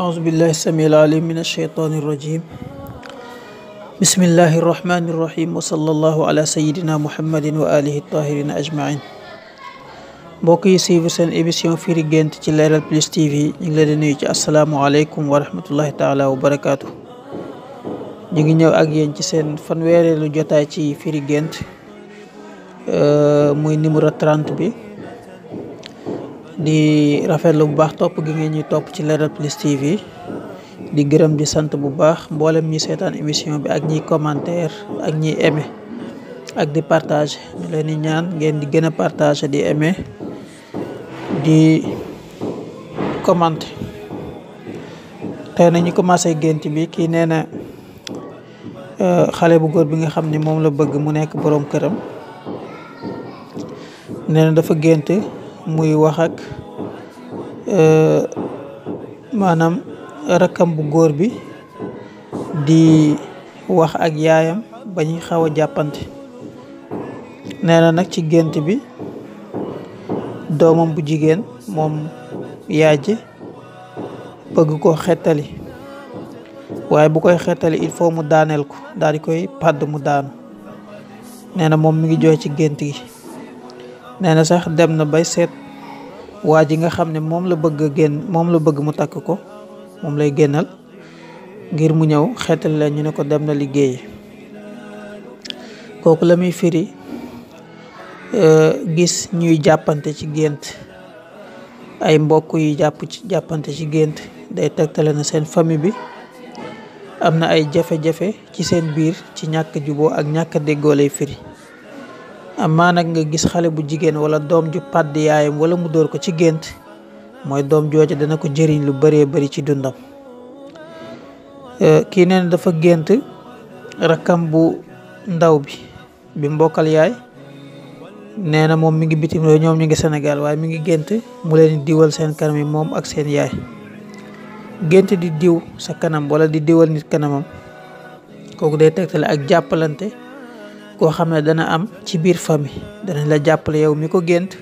أعوذ بالله السميع العليم من الشيطان الرجيم بسم الله الرحمن الرحيم وصلى الله على سيدنا محمد وآله الطاهرين أجمعين بوكي سيفو سن إبسيون في رجين تجلال البلس تي في نيج السلام عليكم ورحمة الله تعالى وبركاته نيجي نيو أجيان تسن فنويري لجوتاتي في رجين آه، موي نمرة 30 بي di rafetlu lu bax top gi ngeen ñi top ci Leral Plus TV di gërëm di sant bu baax mbolam ñi seetaan émission bi ak ñi commentaire ak ñi aimé e. ak di partager e. ñu leen di ñaan ngeen di gëna partager di aimé di commenter tay na ñi commencé gént bi ki nee euh xalé bu goor bi nga xamni mom la bëgg mu nekk borom kërëm nee dafa gént muy wax ak euh, maanaam rakkam bu góor bi di wax ak yaayam ba xaw a jàppante nee na nag ci gént bi doomam bu jigéen moom yaay ji bëgg koo xettali waaye bu koy xettali il faut mu daaneel ko daal di koy pàdd mu daanu nee na moom mu ngi jooy ci gént gi nee na sax dem na bay seet waa ji nga xam ne moom la bëgg a moom la bëgg mu takk ko moom lay génnal ngir mu ñëw xeetal la ñu ne ko dem na liggéeyi kooku la muy firi euh, gis ñuy jàppante ci gént ay mbokk yu jàpp ci jàppante ci gént day tegtale na seen famille bi am na ay jafe-jafe ci seen biir ci ñàkk juboo ak ñàkk déggoo lay firi amaa nag nga gis xale bu jigéen wala doom ju pàdd yaayam wala mu dóor ko ci gént mooy doom jooja dana ko jëriñ lu bëree bari ci dundam eh, kii nee dafa gént rakkam bu ndaw bi bi mbokkal yaay nee na moom mi ngi bitim réew ñoom ñu ngi Sénégal waaye mi ngi gént mu leen diwal seen kanam yi moom ak seen yaay gént di diw sa kanam walla di diwal nit kanamam kooku day tegtale ak jàppalante ko xamne dana am ci bir fami dana la jappale yow mi ko gënt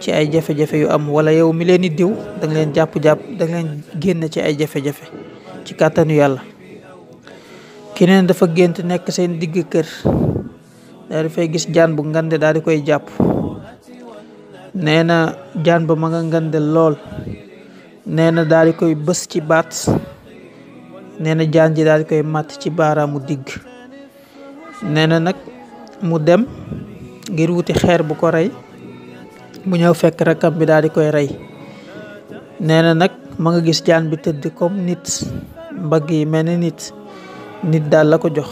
ci ay jafe-jafe yu am wala yow mi leni diw da nga leen japp jàpp da nga leen ci ay jafe-jafe ci yalla yàlla keneen dafa gënt nek seen digg kër daal di fay gis jaan bu ngande daal di koy japp neena jaan ba ma nga ngande lol neena na di koy bëss ci baat neena jaan ji daal di koy mat ci baramu digg neena na mu dem ngir wuti xeer bu ko rey mu ñëw fekk rakkam bi daal di koy rey nee na nag mu nga gis jaan bi tëdd comme nit mbagg yi mel ni nit nit daal la ko jox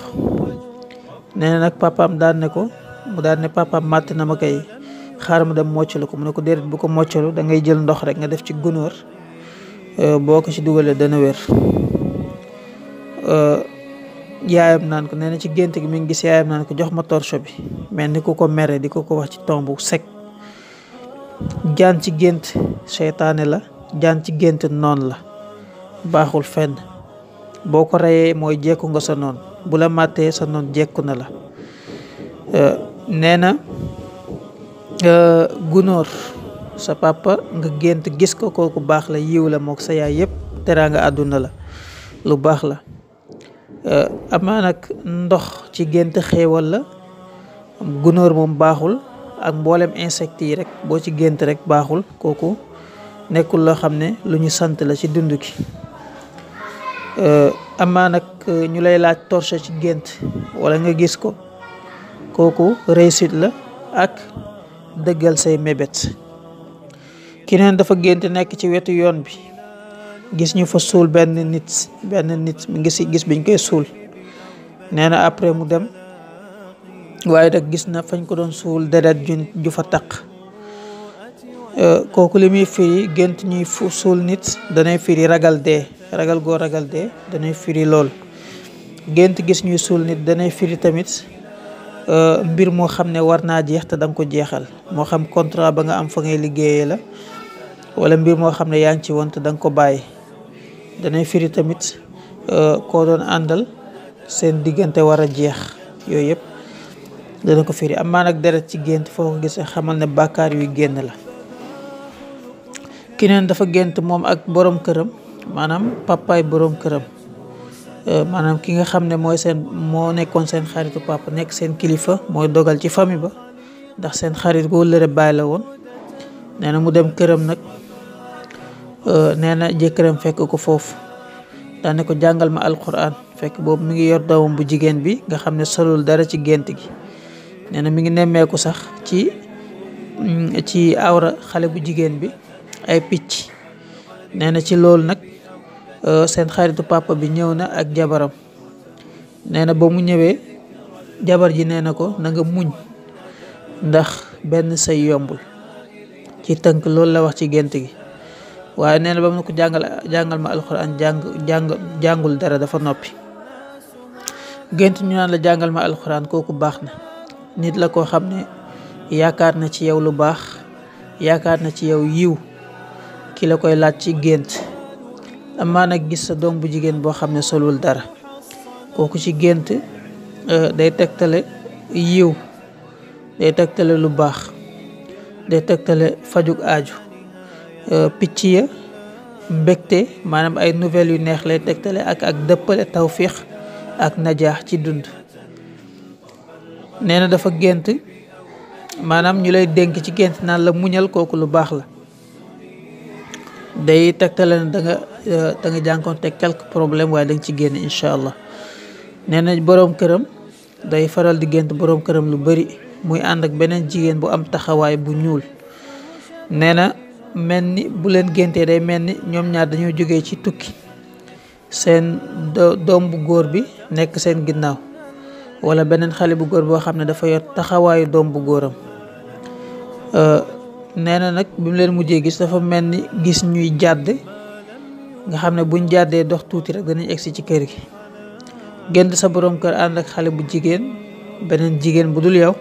nee na nag papaam daan ne ko mu daan ne papaam màtt na ma koy xaar mu dem moccalu ko mu ne ko déedéet bu ko moccalu dangay jël ndox rek nga def ci gunóor euh, boo ko ci dugalee dana wér euh, yaayam naan ko neena ci gént gi mi ngi gis yaayam naan ko jox ma torche bi mel ni ku ko mere di ko ko wax ci tombu sek jaan ci gént la jaan ci gént noon la baaxul fenn boo ko reyee mooy jekku nga sa noon bu la màttee sa noon jekku na la euh, neena euh, sa papa nga gént gis ko kooku baax la yiw la sa yaay yëpp teraanga la lu baax la Euh, amaa nag ndox ci gént xéewal la gunóor moom baaxul ak mboolem insect yi rek boo ci gént rek baaxul kooku nekkul loo xam ne lu ñu sant la ci dund gi euh, amaa nag ñu lay laaj torche ci gént wala nga gis ko kooku réussite la ak dëggal say mébét. keneen dafa gént nekk ci wetu yoon bi gis ñu fa sul ben nit ben nit gis gis biñ koy suul neena après mu dem waye nag gis na fañ ko doon suul dedet ju ju fa euh, firi gént ñuy sul nit danay firi ragal de ragal go ragal de danay firi lol. gënt gis ñuy suul nit danay firi tamit euh, mbir mo xamne ne war naa jeex ta dang ko jeexal mo xam contrat ba nga am fa ngay liggéeyela wala mbir mo xamne ne ci won ta dang ko baye danay firi tamit euh, koo doon àndal seen diggante war a jeex yooyu yëpp dana ko firi amaa nag deret ci gént foo ko gisee xamal ne bàkkaar yuy génn la keneen dafa gént moom ak boroom këram maanaam pàppaay boroom këram euh, maanaam ki nga xam ne mooy seen moo nekkoon seen xaritu papa nekk seen kilifa mooy dogal ci famille ba ndax seen xarit bu wëllëre baay la woon nee na mu dem këram nag Eh, neena na fekk ko foofu daane ko jàngal ma alquran fekk boobu mi ngi yor doomam bu jigéen bi nga xam ne solul dara ci gént gi neena mi ngi nemmeeku sax ci mm, ci awra xale bu jigéen bi ay picc neena na ci loolu nag eh, seen xaritu papa bi ñëw na ak jabaram neena ba mu ñëwee jabar ji neena ko na nga muñ ndax benn say yombul ci tënk loolu la wax ci gént gi waaye nee na ba mu ne ko jàngal jàngal ma alxuraan jàng jàng jàngul dara dafa noppi gént ñu naan la jàngal ma alxuraan kooku baax na nit la koo xam ne yaakaar na ci yow lu baax yaakaar na ci yow yiw ki la koy laaj ci gént amaa nag gis sa doom bu jigéen boo xam ne solul dara kooku ci gént euh, day tegtale yiw day tegtale lu baax day tegtale fajuk aaju Euh, picc ya mbégte manam ay nouvelle yu neex lay tektalé ak ak deppalé tawfiq ak najah ci dund néna dafa gënt manam ñu lay dénk ci gënt na la muñal koku lu bax la day tektalé da nga euh, da nga quelques problèmes way da nga ci gën inshallah allah borom kërëm day faral di gënt borom lubari, lu bari muy and ak benen jigen bu am taxaway bu ñuul néna mel ni bu leen géntee day mel ni ñoom ñaar dañoo jógee ci tukki seen doom bu góor bi nekk seen ginnaaw wala beneen xale bu góor boo xam ne dafa yor taxawaayu doom bu góoram euh, nee na nag bi mu leen mujjee gis dafa mel ni gis ñuy jàdd nga xam ne buñ jàddee dox tuuti rek danañ egsi ci kër gi gént sa borom kër ànd ak xale bu jigéen beneen jigéen bu dul yow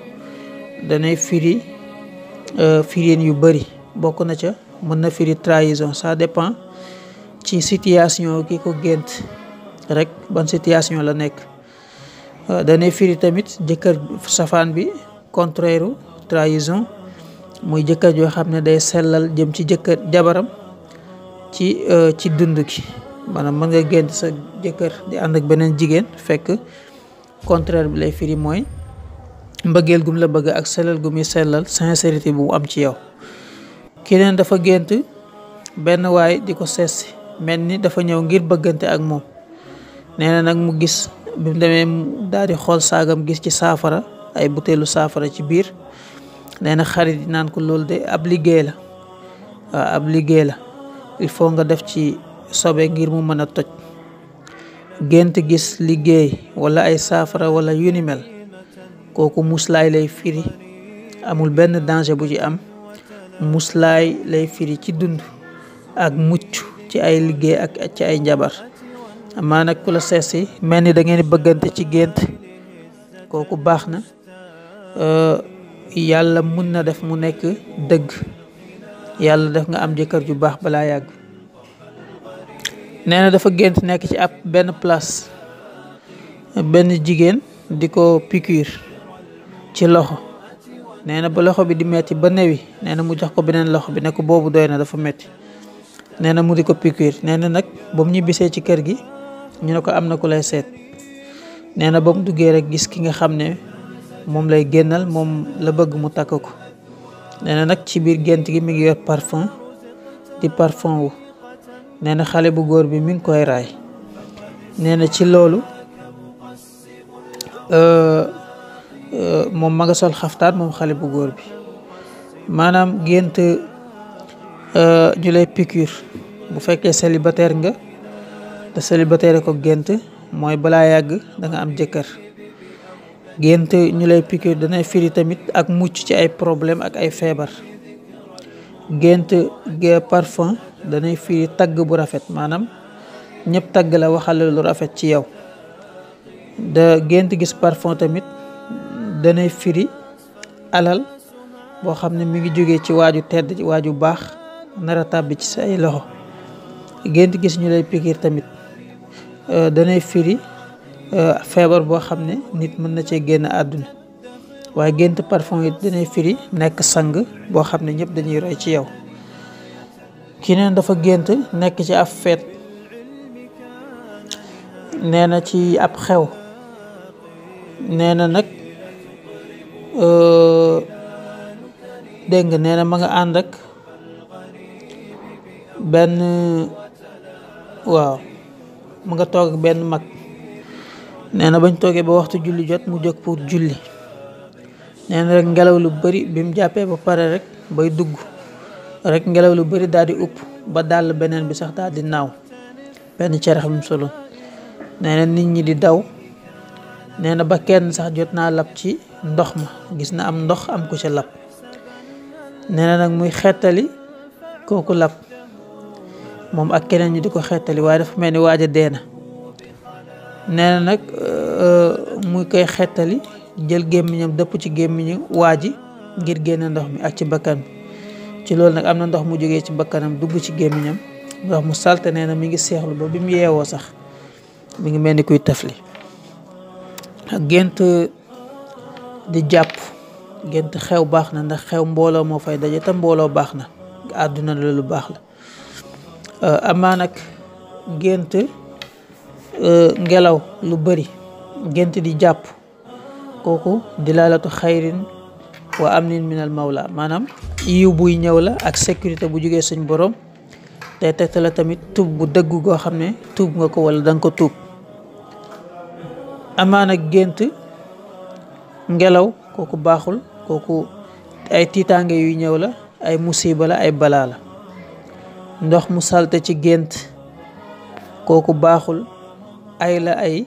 danay firi euh, firiin yu bari bokku na ca mën na firi trahison ça dépend ci situation ki ko gént rek ban situation la nekk euh, dane firi tamit jëkkër safaan bi contraire trahison muy jëkkër joo xam ne day sellal jëm ci jëkkër jabaram ci euh, ci dund gi maanaam mën nga gént sa jëkkër di ànd ak beneen jigéen fekk contraire bi lay firi mooy mbëggeel gum la bëgg ak sellal gu muy sellal sincérité bu am ci yow keneen dafa gént benn waay di ko sees mel ni dafa ñëw ngir bëggante ak moom nee na nag mu gis bi mu demee daal di xool saagam gis ci saafara ay butéelu saafara ci biir nee na xarit yi naan ko loolu de ab liggéey la ab liggéey la il faut nga def ci sobe ngir mu mën a toj gént gis liggéey wala ay saafara wala yu ni kooku muslaay lay firi amul benn danger bu ci am Muslay lay firi ci dund ak mucc ci ay liggéey ak ci ay njabar amana kula sesi melni da ngeen beugante ci gént koku baxna euh yalla mun na def mu nekk deug yalla def nga am jëkkër ju bax bala yag neena dafa nekk ci ab ben place ben jigen diko ko piqûre ci loxo nee na ba loxo bi di metti ba newi nee mu jox ko benen loxo bi ne ko boobu doy dafa metti nee mu di ko piqûre nee na nag ba mu ci kër gi ñu ne ko amna na ku lay sét nee bam duggé rek gis ki nga xamné mom lay gennal mom la bëgg mu takko ko nee ci bir gënt gi mi ngi yor parfum di parfum wu nee xalé bu goor bi mi ngi koy raay nee ci lolu euh mom ma nga sol xaftaan mom xale bu góor bi maanaam euh ñu lay piqûre bu fekkee célibataire nga da célibataire ko gént moy bala yag da nga am jëkkër gént ñu lay piqûre nay firi tamit ak mucc ci ay problème ak ay fièvre Gentu ge parfum da nay firi tag bu rafet manam ñëpp tag la waxal lu rafet ci yow da gént gis parfum tamit dana firi alal boo xam ne mi ngi jógee ci waaju tedd ci waaju baax nara tàbbi ci sa ay loxo gént gis ñu lay pikir tamit euh, dana firi euh, feebar boo xam ne nit mën na cee génn àdduna waaye gént parfum yi dana firi nekk sang boo xam ne ñëpp dañuy roy ci yow ki neen dafa gént nekk ci ab feet nee ci ab xew dégg nga nee na ma nga ànd benn waaw mu nga toog benn mag nee na bañ toogee ba waxtu julli jot mu jóg pour julli nee na ngelaw lu bari bi jàppee ba pare rek bay dugg rek ngelaw lu bari daal di upp ba dàll beneen bi sax dal di naaw benn cerex bi solo nee nit ñi di daw nee na ba kenn sax jot naa lab ci ndox ma gis na am ndox am ku ca lab nee na nag muy xettali kooku lab moom ak keneen ñu di ko xettali waaye dafa mel ni waaja dee na nee na nag euh, muy koy xetali jël gémmiñam dëpp ci gémmiñu waa ji ngir génn ndox mi ak ci bakkan bi ci loolu nag am na ndox mu jógee ci mbakkanam dugg ci gémmiñam ndox mu salte nee na mi ngi seexlu ba bi mu yeewoo sax mu ngi mel ni kuy tafli gént di jàpp gént xew baax na ndax xew mbooloo moo fay daje te mbooloo baax na àdduna la lu baax la euh, amaa nag gént euh, ngelaw lu bari gént di jàpp kooku dilaalatu xayrin wa amnin minal mawla maanaam yiw buy ñëw la ak sécurité bu jógee suñ boroom te tegta la tamit tuub bu dëgg goo xam ne tuub nga ko wala danga ko tuub amaana gént ngelaw kooku baaxul kooku ay tiitaange yuy ñëw la ay musiba la ay balaa la ndox mu salte ci gént kooku baaxul ay la ay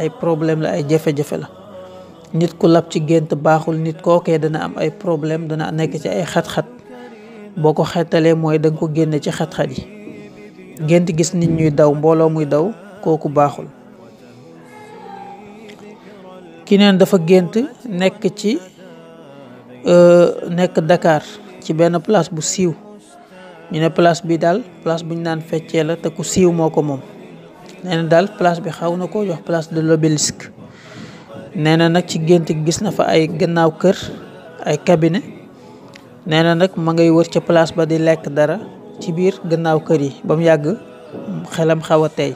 ay problème la ay jafe-jafe la nit ku lab ci gént baaxul nit kookee dana am ay problème dana nekk ci ay xat-xat boo ko xettalee mooy danga ko génne ci xat-xat yi gént gis nit ñuy daw mbooloo muy daw kooku baaxul ki neen dafa gént nekk ci euh, nekk Dakar ci benn place bu siiw ñu ne place bi daal place bu ñu naan feccee la te ku siiw moo ko moom nee na daal place bi xaw na ko jox place de l'obélisque nee na nag ci gént gis na fa ay gannaaw kër ay cabinet nee na nag mu ngay wër ca place ba di lekk dara ci biir gannaaw kër yi ba mu yàgg xelam xaw a tey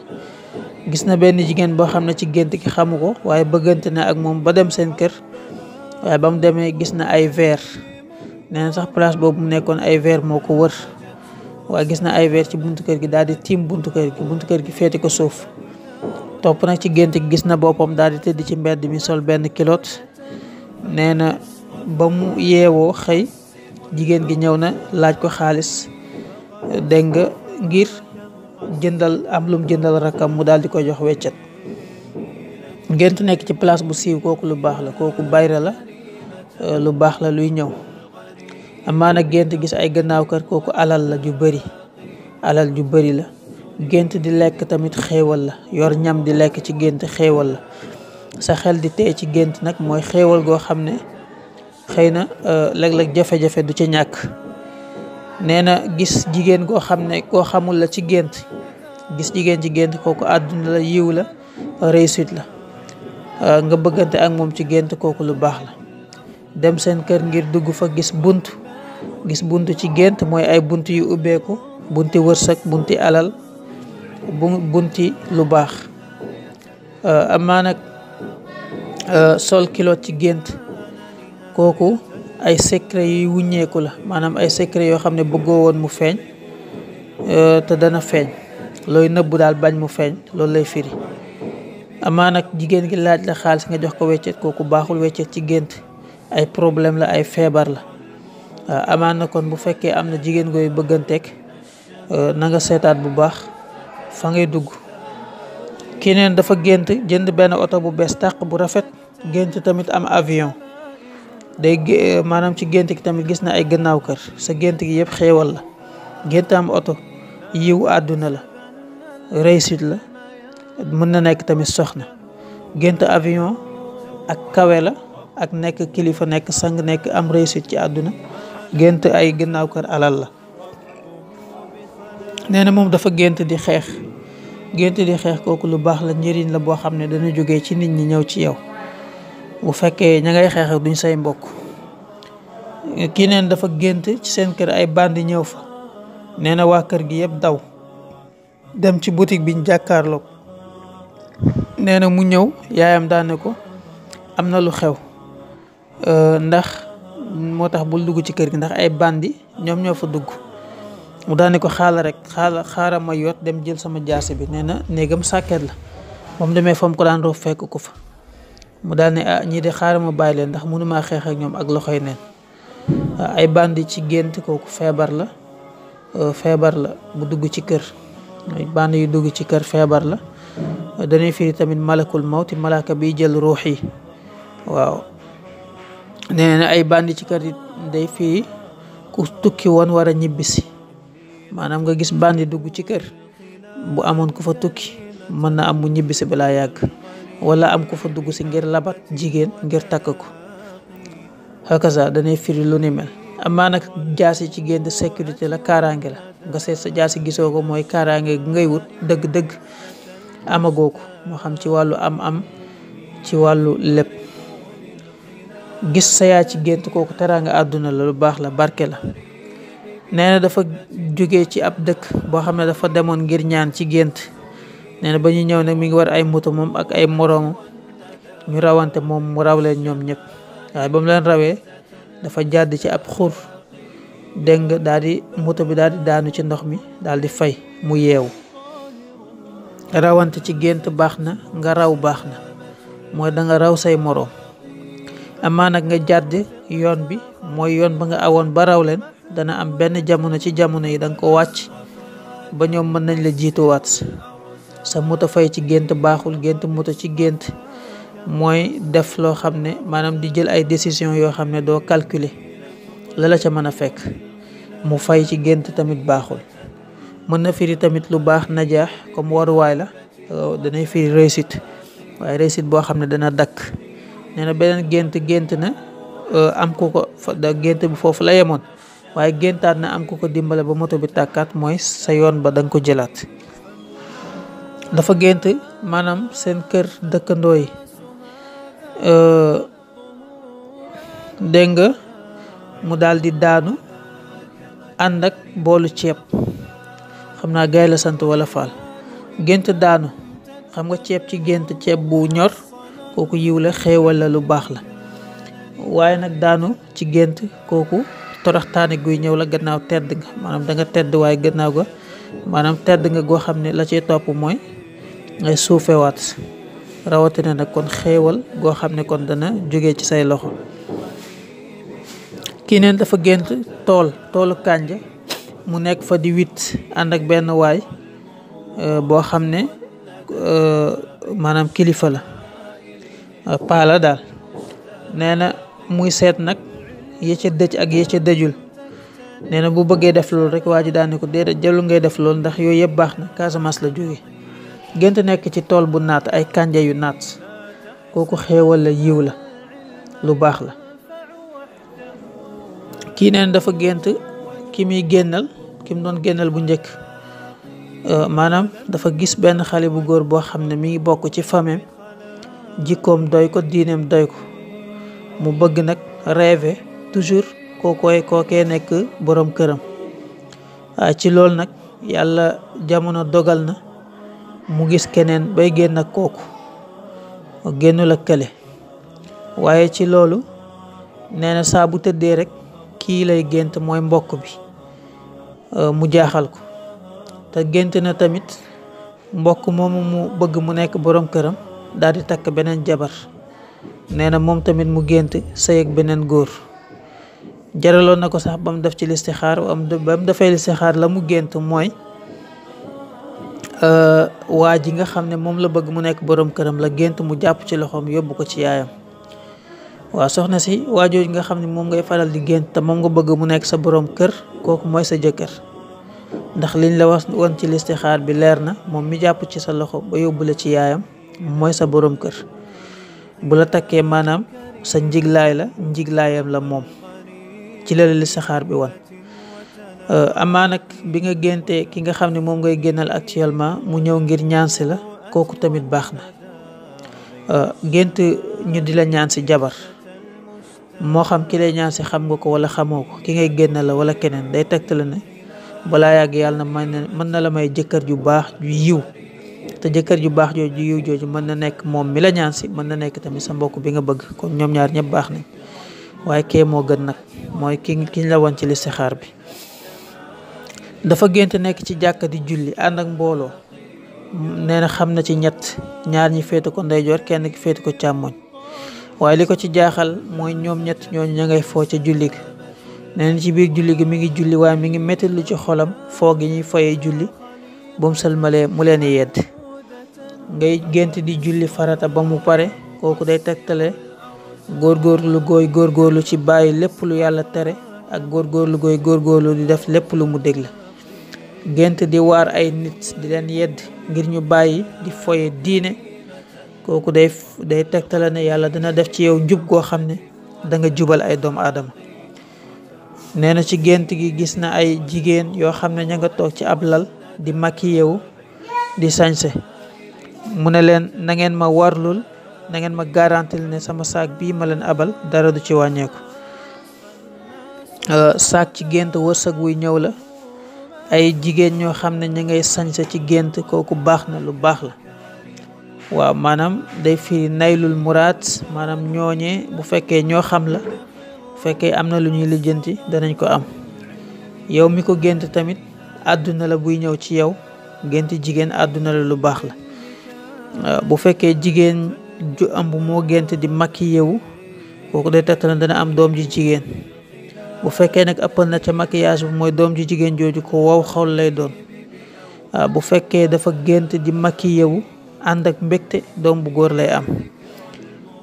gis na benn jigéen boo xam ne ci gént gi xamu ko waaye bëggante na ak moom ba dem seen kër waaye ba mu demee gis na ay verre nee sax place boobu mu nekkoon ay verre moo ko wër waaye gis na ay verre ci buntu kër gi daal di tiim buntu kër gi buntu kër gi féete ko suuf topp nag ci gént gi gis na boppam daal di tëdd ci mbedd mi sol benn kiloot nee na ba mu yeewoo xëy jigéen gi ñëw na laaj ko xaalis dégg nga ngir jëndal am lum jëndal rakam mu daal di koy jox weccet ngént nekk ci place bu siiw kooku lu baax la kooku bayra la euh, lu baax la luy ñëw amaa nag gént gis ay gannaaw kër kooku alal la ju bari alal ju bari la gént di lekk tamit xéewal la yor ñam di lekk ci gént xéewal la sa xel di tee ci gént nag mooy xéewal goo xam ne xëy na euh, léeg-léeg jafe-jafe du ca ñàkk nee na gis jigéen goo xam ne koo xamul la ci gént gis jigen ci koku kooku àdduna la yiw la réussite la euh, nga bëggante ak mom ci gënt koku lu bax la dem seen kër ngir dugg fa gis buntu, gis buntu ci gënt moy ay buntu yu ko bunti wërsëg bunti alal bunti lu baax euh, amaa nag euh, sol kilo ci gënt koku ay secret yu wuññeeku la manam ay secret yo xam bëggo won mu mu euh te dana feñ loy neub dal bañ mu feñ loolu lay firi amana jigen gi laaj la xaal nga jox ko wéccet koku baxul wéccet ci problem ay problème la ay feebar la amana kon bu fekkee amna jigen goy bëggantek euh, na nga sétat bu bax fa ngay dugg keneen dafa gënt jënd ben auto bu bees tak bu rafet gënt tamit am avion day euh, manam ci gënt gi tamit gis na ay gannaaw kër sa gënt gi yëpp xéewal la gënt am auto yiw aduna la réussite la mën na nekk tamit soxna gént avion ak kawe la ak nekk kilifa nekk sang nekk am réussite ci àdduna gént ay ginnaaw kër alal la nee na moom dafa gént di xeex gént di xeex kooku lu baax la njëriñ la boo xam ne dana jóge ci nit ñi ñëw ci yow bu fekkee ña ngay xeex duñ say mbokk kii neen dafa gént ci seen kër ay bandi ñëw fa nee na waa kër gi yëpp daw dem ci bi biñ jàkkaarloog nee na mu ñëw yaayam daane ko am na lu xew euh, ndax moo tax bul dugg ci kër gi ndax ay bandi ñoom ñoo fa dugg mu daane ko xaala rek xaala xaara ma yot dem jël sama jaase bi nee na néegam sàkket la moom demee fa ko daan roof fekk ko fa mu daal ah ñii de xaaral ma bàyyi leen ndax mënumaa xeex ak ñoom ak loxoy neen ah, ay bandi ci gént kooku feebar la euh, feebar la bu dugg ci kër bànn yu dugg ci kër feebar la danay firi tamit malakul mawti malaka bi jël ruux yi waaw nee na ay bànn ci kër day fii ku tukki woon war a ñibbisi maanaam nga gis bànn dugg ci kër bu amoon ku fa tukki mën na am bu ñibbisi balaa yàgg wala am ku fa dugg si ngir labat jigéen ngir takk ko hakaza danay firi lu ni mel amaa nag jaasi ci génn sécurité la kaaraange la nga seet sa jaasi gisoo ko mooy kaaraange gi ngay wut dëgg-dëgg amagoo ko moo xam ci wàllu am-am ci wàllu lépp gis sa yaa ci gént kooku teraanga àdduna la lu baax la barke la. nee na dafa jóge ci ab dëkk boo xam ne dafa demoon ngir ñaan ci gént nee na ba ñu ñëw nag mi ngi war ay moto moom ak ay moroomam ñu rawante moom mu raw leen ñoom ñëpp waaye ba mu leen rawee dafa jàdd ci ab xur. dégg nga daal di moto bi daal daanu ci ndox mi daal di fay mu yeewu rawante ci gént baax na nga raw baax na mooy danga raw say moroom amaan nag nga jàdd yoon bi mooy yoon ba nga awoon ba raw leen dana am benn jamono ci jamono yi danga ko wàcc ba ñoom mën nañ la jiituwaat sa moto fay ci gént baaxul gént moto ci gént mooy def loo xam ne maanaam di jël ay décision yoo xam ne doo calculer lala ca mëna fekk mu fay ci gént tamit baaxul mën na firi tamit lu baax najaax comme waruwaay la danay firi réussite waaye réussite boo xam dana dak, nee na beneen gént gént na euh, am ko ko da gént bi foofu la yemoon waaye géntaat na am ko ko dimbale ba moto bi tàkkaat mooy sa yoon ba danga ko jëlaat dafa gént manam, seen kër dëkkandoo yi euh, dégg nga mu daal di daanu ànd ak boolu ceeb xam naa gay la sant wala faal gént daanu xam nga ceeb ci gént ceeb bu ñor kooku yiw la xéewal la lu baax la waaye nag daanu ci gént kooku toroxtaane guy ñëw la gannaaw tedd nga maanaam danga tedd waaye gannaaw ga maanaam tedd nga goo xam ne la ciy topp mooy ngay suufewaat rawatina nag kon xéewal goo xam ne kon dana jóge ci say loxo kenen dafa gënt tol tolu kanja mu nek fa di 8 ànd ak way euh bo xamne euh manam kilifa la euh, pa la dal neena muy set nak ye ya ci dëj ak ye ya ci dejul neena bu bëgge def lool rek waji daani ko déedéet jëlu ngay def lool ndax yoy yeb baxna na la joggi gënt nek ci tol bu nat ay kanja yu nat koku xewal la yiw lu bax la kii neen dafa gént ki muy génnal ki mu doon génnal bu njëkk euh, maanaam dafa gis benn xale bu góor boo xam ne mu ngi bokk ci famem jikkoom doy ko diineem doy ko mu bëgg nag rêver toujours kookooy kookee nekk borom këram euh, ci loolu nag yàlla jamono dogal na mu gis keneen bay génn kooku génnul ak waaye ci loolu nee saa bu tëddee rekk kii lay gént mooy mbokk bi euh, mu jaaxal ko te gént na tamit mbokk moomu mu bëgg mu nekk boroom këram daal di takk beneen jabar nee na moom tamit mu gént sëy ak beneen góor jaraloon na ko sax ba def ci listixaar ba mu defee listixaar la mu gént mooy euh, waa ji nga xam ne moom la bëgg mu nekk boroom këram la gént mu jàpp ci loxoom yóbbu ko ci yaayam waaw soxna si waajooju nga xam ne moom ngay faral di gént te nga bëgg mu nekk sa boroom kër kooku mooy sa jëkkër ndax liñ la wax woon ci listixaar bi leer na moom mi jàpp ci sa loxo ba yóbbu la ci yaayam mooy sa boroom kër bu la takkee maanaam sa njiglaay la njiglaayam la moom ci la listixaar bi wan amaa bi nga génte ki nga xam ni moom ngay génnal actuellement mu ñëw ngir ñaan si la kooku tamit baax na gént ñu di la ñaan si jabar mo xam ki lay ñaan ci xam nga ko wala xamoko ki ngay génn la wala keneen day la ne bala yàgg yàlla na mën na la may jëkkër ju baax ju yiw te jëkkër ju baax jooju ju yiw jooju mën na nekk moom mi la ñaan si mën na nekk tamit sa mbokk bi nga bëgg ñoom ñaar ñëpp baax nañ waaye kee moo gën nag mooy ki kiñ la won ci xaar bi dafa gént nekk ci di julli ànd ak mbooloo nee na xam na ci ñett ñaar ñi féete ko ndeyjoor kenn ki féete ko càmmoñ waaye li ko ci jaaxal mooy ñoom ñett ñooñu ña ngay foo ca julli ga nee na ci biir julli gi mi ngi julli waaye mi ngi métti lu ci xolam foo gi ñuy foyee julli bu mu mu leen yedd ngay gént di julli farata ba mu pare kooku day tegtale góorgóorlu góor góorgóorlu ci bàyyi lépp lu yàlla tere ak góor lu gooy góorgóorlu di def lépp lu mu dégle gént di waar ay nit di leen yedd ngir ñu bàyyi di foye diine kooku day day tegtale ne yàlla dina def ci yow njub goo xam ne da nga jubal ay doomu aadama nee na ci gént gi gis na ay jigéen yoo xam ne ña nga toog ci ab di maquillé di sañse mu na ngeen ma warlul na ngeen ma garantil ne sama saak bii ma leen abal dara du ci wàññeeku euh, saak ci gént wërsëg wuy ñëw la ay jigéen ñoo xam ne ña ngay sañse ci gént kooku baax lu baax la waaw maanaam day firi naylul muraad maanaam ñooñe bu fekkee ñoo xam la bu fekkee am na lu ñuy lijjanti danañ ko am yow mi ko gént tamit àdduna la buy ñëw ci yow gént jigéen àdduna la lu baax la bu fekkee jigéen ju ëmb moo gént di makki yewu kooku day tegtal dana am doom ji jigéen bu fekkee nag ëppal na ca maquillage bi mooy doom ji jigéen jooju ko wow xol lay doon bu fekkee dafa gént di makki yewu ànd ak mbégte doom bu góor lay am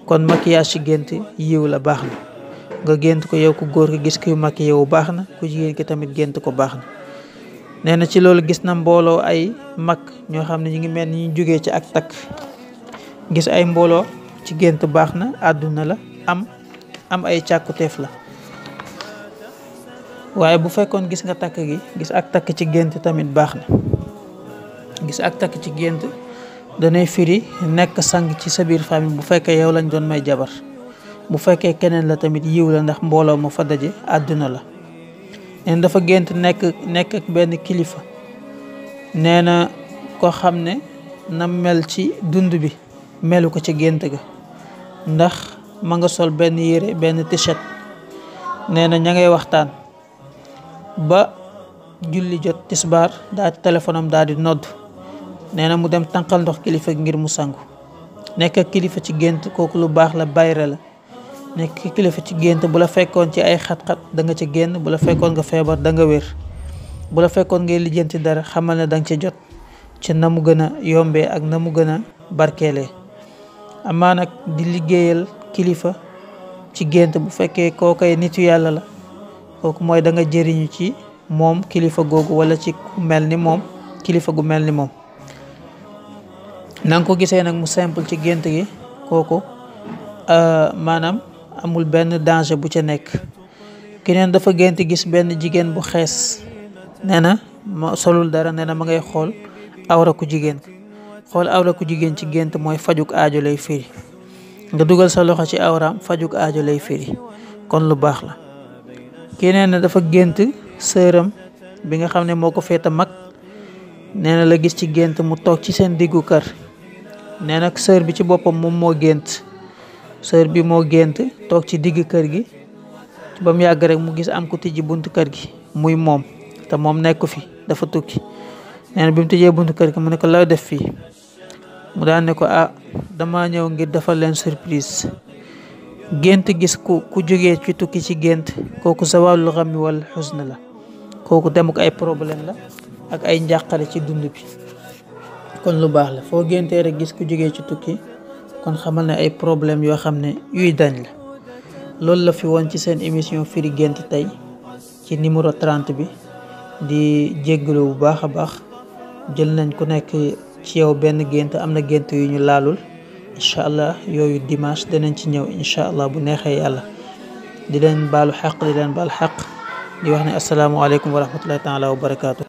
kon maquillage ci gént yiw la baax na nga gént ko yow ku góor ki gis kuy maquillé wu baax na ku jigéen ki tamit gént ko baax na nee na ci loolu gis na mbooloo ay mag ñoo xam ne ñu ngi mel ni ñu jóge ci ak takk gis ay mbooloo ci gént baax na àdduna la am am ay càkkuteef la waaye bu fekkoon gis nga takk gi gis ak takk ci gént tamit baax na gis ak takk ci gént danay firi nekk sang ci sa biir famille bu fekkee yow lañ doon may jabar bu fekkee keneen la tamit yiw la ndax mbooloo ma fa daje àdduna la neen dafa gént nekk nekk ak benn kilifa nee na ko xam ne na mel ci dund bi melu ko ci gént ga ndax ma nga sol benn yére benn t-shirt nee na ña ngay waxtaan ba julli jot tisbaar daa téléphone am daal di nodd nee na mu dem tànqal ndox kilifa ngir mu sangu nekk kilifa ci gént kooku lu baax la bayra la nekk kilifa ci gént bu la fekkoon ci ay xat-xat ci génn bu la fekkoon nga feebar da wér bu la fekkoon ngay lijjanti dara xamal ne da nga jot ci na mu gën a yombee ak na mu gën a barkeelee amaa di liggéeyal kilifa ci gént bu fekkee kookay nitu yàlla la kooku mooy danga nga jëriñu ci moom kilifa googu wala ci mel ni moom kilifa gu mel ni moom Nang ko gisee nak mu simple ci gént gi euh ah, manam amul ben danger bu ci nek keneen dafa gént gis ben jigen bu xess nee ma solul dara nena ma ngay xol awra ku jigen xol awra ku jigen ci gént moy fajuk aajo lay firi nga duggal sa loxo ci fajuk aajo lay firi kon lu bax la keneen dafa gént seeram bi nga xamne moko moo ko féete la gis ci gént mu tok ci sen diggu kër nee nag sœur bi ci bopam mom mo gënt sœur bi mo gënt tok ci digg kër gi ba mu yàgg rek mu gis am ko tijji buntu kër gi muy mom te mom nekk fi dafa tukki nee na bi mu buntu kër gi mu ne ko la def fi mu daan ne ko ah dama ñew ngir defal len surprise gënt gis ku ku joggé ci tukki ci gënt koku zawalul xam mi wala xusna la kooku dem ak ay problème la ak ay njàqare ci dund bi kon lu baax la foo géntee rek gis ku jógee ci tukki kon xamal na ay problème yoo xam ne yuy dañ la loolu la fi woon ci seen émission firi gént tey ci numéro 30 bi di jéggalu bu baax a baax jël nañ ku nekk ci yow benn gént am na gént yu ñu laalul incha allah yooyu dimanche danañ ci ñëw incha allah bu neexee yàlla di leen baalu xaq di leen baal xaq di wax ne asalaamaaleykum wa rahmatullahi taala wa barakaatu.